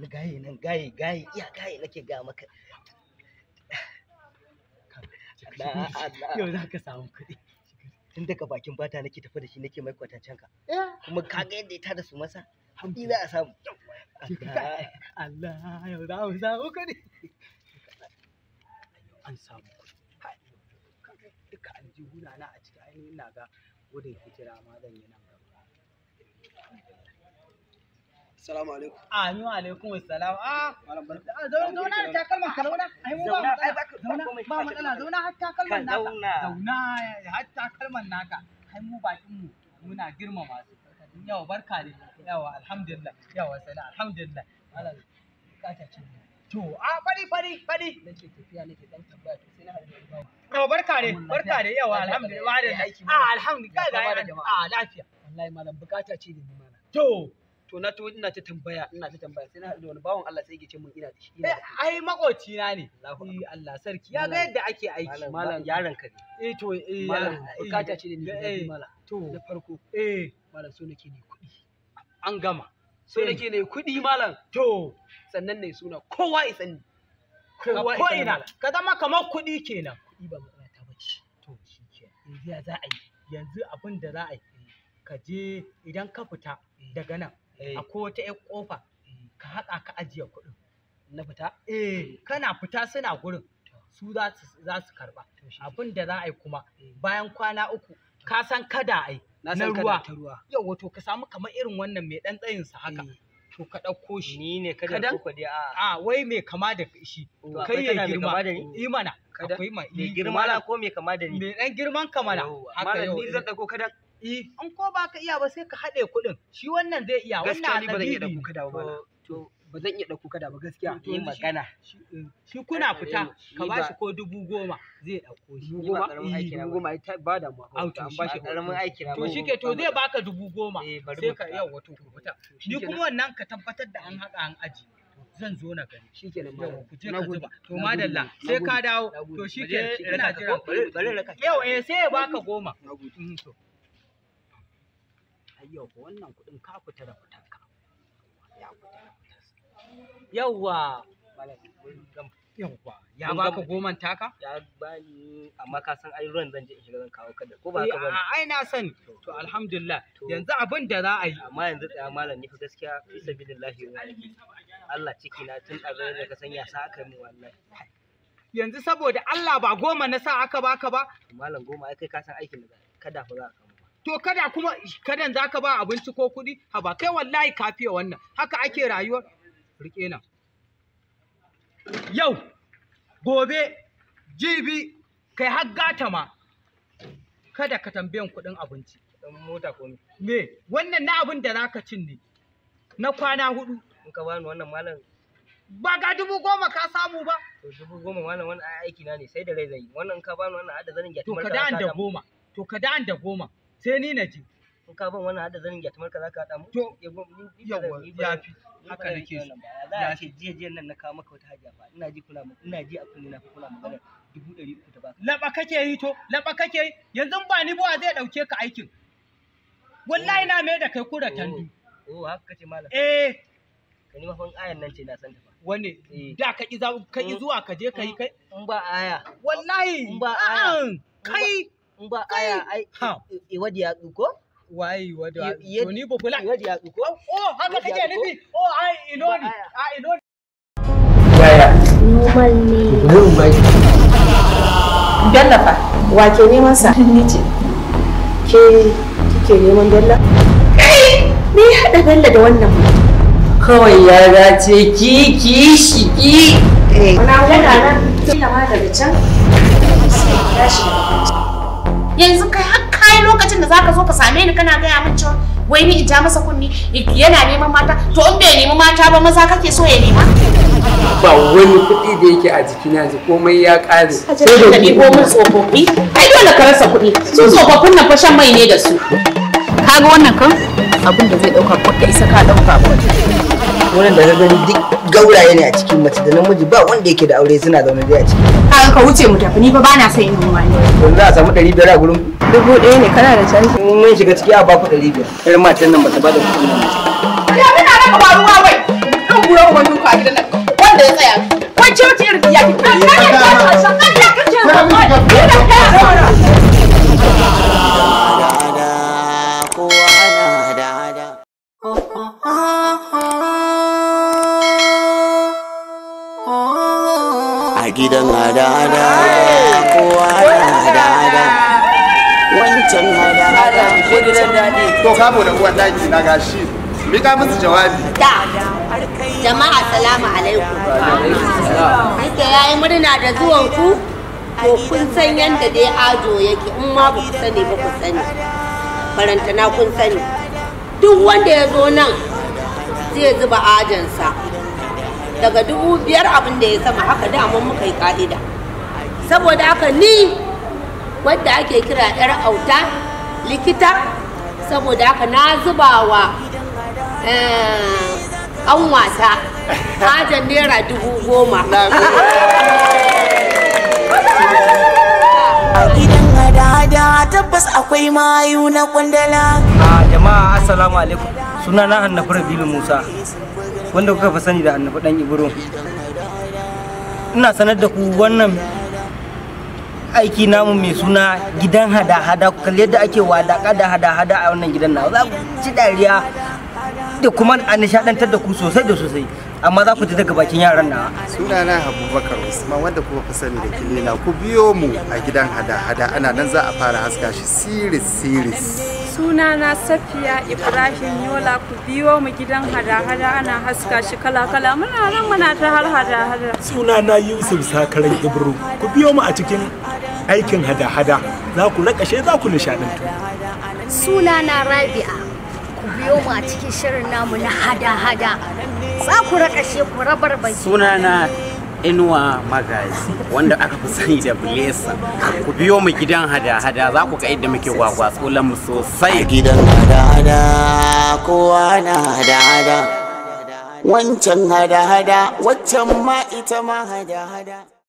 wani gaye nan gaye gaye iya gaye nake ga maka yau za ka samu kuɗi tun daga bakin bata nake tafi da shi nake mai kwatancen ka kuma ka ga yadda ya tada su masa hamdi za a samu Allah yau za mu samu kuɗi an samu kuɗi duka an aljihuna na a cikin ainihin na ga gudun hijira ma zan yi nan gaba Assalamu alaikum. Amin wa alaikum assalam. Ah, zauna da Ai mu ba zauna ba matsala zauna har naka. Zauna har naka. Ai mu bakin mu muna girmama su. Yawa barka ne. Yawa alhamdulillah. Yawa sana alhamdulillah. Allah ce. To, a Nake tafiya nake dan to sai na Yawa barka ne. Barka ne. Yawa alhamdulillah. Ah alhamdulillah. Ah lafiya. Wallahi malam bukata ce To, to na to ina ta tambaya ina ta tambaya sai na haɗu da wani bawan Allah sai yake ce mun ina da shi eh, ai makoci na ne Allahu eh, Allah sarki ya ga yadda ake aiki malam yaron ka ne eh to eh malam eh, bukata ce da ni malam to na farko eh malam so nake ne kuɗi an gama so nake ne kuɗi malam to sannan ne suna kowa ya sani kowa ko ina ka zama kamar kuɗi kenan kuɗi ba matsala ta bace to shi yanzu ya za a yi yanzu abin da za a yi ka je idan ka fita daga nan Eh. akwai wata ƴan kofa ka haƙa ka ajiye kuɗin na fita eh kana fita suna gurin su za su karba abin da za a yi kuma eh. bayan kwana uku ka san kada ai na ruwa yau wato ka samu kamar irin wannan mai ɗan tsayin sa haka eh. to ka ɗauko shi ni ne kada ko ko dai a wai mai kama da shi kai ya girma imana akwai mai girma ko mai kama da ni mai dan girman kamala haka ni zan ɗauko kada Eh. in ko ba ka iya ba sai ka haɗe kuɗin shi wannan zai iya wannan ba iya annabi ba to ba zan iya ɗauko kada ba gaskiya to magana shi eh, kuna fita ka ba shi ko dubu goma zai dauko shi dubu goma eh, dubu goma ya ba da mu an ba shi karamin aiki to shi ke to zai baka dubu goma sai ka yau wato fita ni kuma wannan ka tabbatar da an haɗa an aji zan zo na gani shi ke nan ku je ka zuba to madalla sai ka dawo to shi ke ina jira yau eh sai ya baka goma na mm, yau ko wannan kuɗin ka fita da fitar ka ya fita da fitar yawwa yawwa ya baka goman taka ya bani amma ka san ai ruwan zan je in shiga zan kawo kada ko ba eh, ka bari? bani ai na sani to alhamdulillah yanzu abin da za a yi amma yanzu tsaya ah, malam ni fa gaskiya fi sabilillahi Allah ciki na tun ɗaga da ka san ya sa aka min wallahi yanzu saboda Allah ba goma na sa aka baka ba malam goma ai kai ka san aikin da kada fa za ka to kada kuma kadan zaka ba abinci ko kuɗi haba kai wallahi kafiya wannan haka ake rayuwar rike nan yau gobe jibi kai har gata ma kada ka tambayan kuɗin abinci mota ko me wannan na abin da zaka cin ne na kwana hudu in ka bani wannan malam ba ga dubu goma ka samu ba. To dubu goma wannan wannan aiki na ne sai da rai zai Wannan ka bani wannan adadin zanin gyatu. To ka da an da goma. To ka da an da goma. sai ni na je in ka ban wannan hada zanin gyatumar ka za ka haɗa mu to yawa yafi haka nake so ya ce jiya jiya nan na kawo maka wata hajiya fa ina ji kula ina ji a kunne na fa magana dubu ɗari uku ta baka laba kake yi to laba kake yi yanzu ba ni buwa zai ɗauke ka aikin wallahi na mai da kai oh, kura tandu oh haka kace malam eh ka ni mafan ayan nan ce na san ta wane eh. da ka ki mm. zuwa ka je ka yi mm. kai in ba aya wallahi in ba aya kai in ba aya ai iwadi ya ya ni ya oh haka oh ai a iloni yaya normal ne normal dalla fa wace neman sa ni ke kike neman dalla kai me ya hada dalla da wannan kawai ya dace ki ki shi ki eh wani da nan daga can ya shi daga can yanzu kai har kai lokacin da zaka zo ka same ni kana gaya min cewa wai ni ja masa kunni yana neman mata to in bai nemi mata ba maza kake so ya nema ba wani kuɗi da yake a jikin yanzu komai ya ƙare sai da ko mun tsofaffi ai dole ka rasa kuɗi su tsofaffin nan fashan mai ne da su kaga wannan kan abin da zai ɗauka ko isa ka ɗauka ba wurin da ka gani duk gauraye ne a cikin mace da namiji ba wanda yake da aure suna zaune dai a ciki kaga ka wuce mu tafi ni fa ba na son yin wani yanzu za a samu ɗari biyar a gurin dubu ɗaya ne kana da canji mun shiga ciki a baku ɗari biyar yar matan nan ba ta ba da kuɗi ya muna raka ba ruwa wai in gura wa duka a gidan nan wanda ya tsaya wai ciyar wace irin ya ki gidan hada-hada kowa hada-hada wancan hada-hada to kamo da uwan daji na gashi mika musu jawabi jama'a salamu alaikum ake yayi murna da zuwan ku ko kun san yadda dai ajo yake in ma ba ku sani ba ku sani na kun sani duk wanda ya zo nan zai zuba ajansa daga dubu biyar abin da ya sama haka daman muka yi ka'ida saboda haka ni wadda ake kira yar auta likita saboda haka na zuba wa eh, an wata naira dubu goma da tabbas akwai mayu na kwandala. Ah, jama'a assalamu alaikum sunana Annabi Rabilu Musa wanda kuka fi sani da annabi dan ibro ina sanar da ku wannan aiki namu mai suna gidan hada-hada kuka yadda ake wadaka da hada-hada a wannan gidan na za ku ci dariya da kuma a nishadantar da ku sosai da sosai amma za ku ji daga bakin yaran na sunana abubakar usman wanda kuma fi sani da kilina ku biyo mu a gidan hada-hada ana nan za a fara haska shi siris siris suna na safiya ibrahim yola ku biyo mu gidan hada-hada ana haska shi kala-kala muna nan muna ta har hada-hada suna na yusuf sakaran ibro ku biyo mu a cikin aikin hada-hada za ku rakashe za ku nishadantu suna na rabi'a ku biyo mu a cikin shirin namu na hada-hada za ku rakashe ku rabar bai suna na inuwa magazi wanda aka fi sani da bilesa ku biyo mu gidan hada-hada za ku ga yadda muke gwagwa tsolan mu sosai gidan hada-hada kowa na hada-hada wancan hada-hada waccan ma ita ma hada-hada